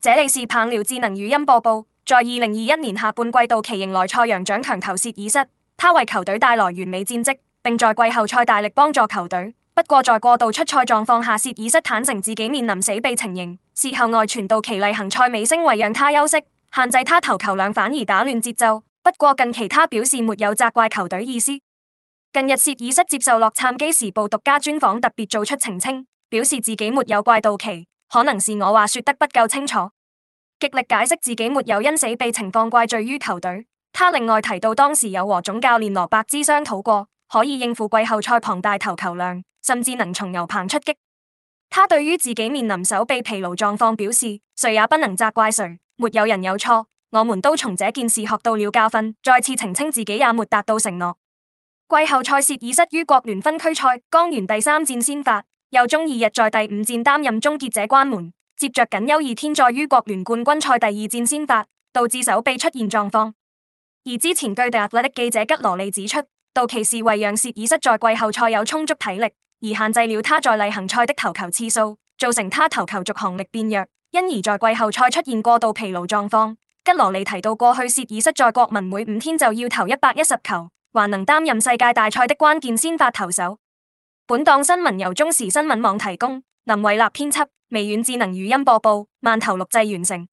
這裏是棒聊智能語音播報。在二零二一年下半季，道奇迎來賽揚獎強投薛爾瑟，他為球隊帶來完美戰績，並在季後賽大力幫助球隊。不過，在過度出賽狀況下，薛爾瑟坦承自己面臨死臂情形。事後外傳道奇例行賽尾聲，為讓他休息，限制他投球量，反而打亂節奏。不過，近期他表示沒有責怪球隊意思。近日，薛爾瑟接受洛杉磯時報獨家專訪，特別做出澄清，表示自己沒有怪道奇。可能是我話說得不夠清楚，極力解釋自己沒有因死臂情況怪罪於球隊。他另外提到當時有和總教練羅伯茲商討過，可以應付季後賽龐大投球量，甚至能從牛棚出擊。他對於自己面臨手臂疲勞狀況表示，誰也不能責怪誰，沒有人有錯，我們都從這件事學到了教訓。再次澄清自己也沒達到承諾。季後賽涉以失於國聯分區賽，剛完第三戰先發。又中二日在第五戰擔任終結者關門，接着僅休二天在於國聯冠軍賽第二戰先發，導致手臂出現狀況。而之前據《The Athletic》的記者吉羅利指出，道奇是為讓薛爾瑟在季後賽有充足體力，而限制了他在例行賽的投球次數，造成他投球續航力變弱，因而在季後賽出現過度疲勞狀況。吉羅利提到，過去薛爾瑟在國民每五天就要投一百一十球，還能擔任世界大賽的關鍵先發投手。本檔新聞由中時新聞網提供，林偉立編輯，微軟智能語音播報，萬頭錄製完成。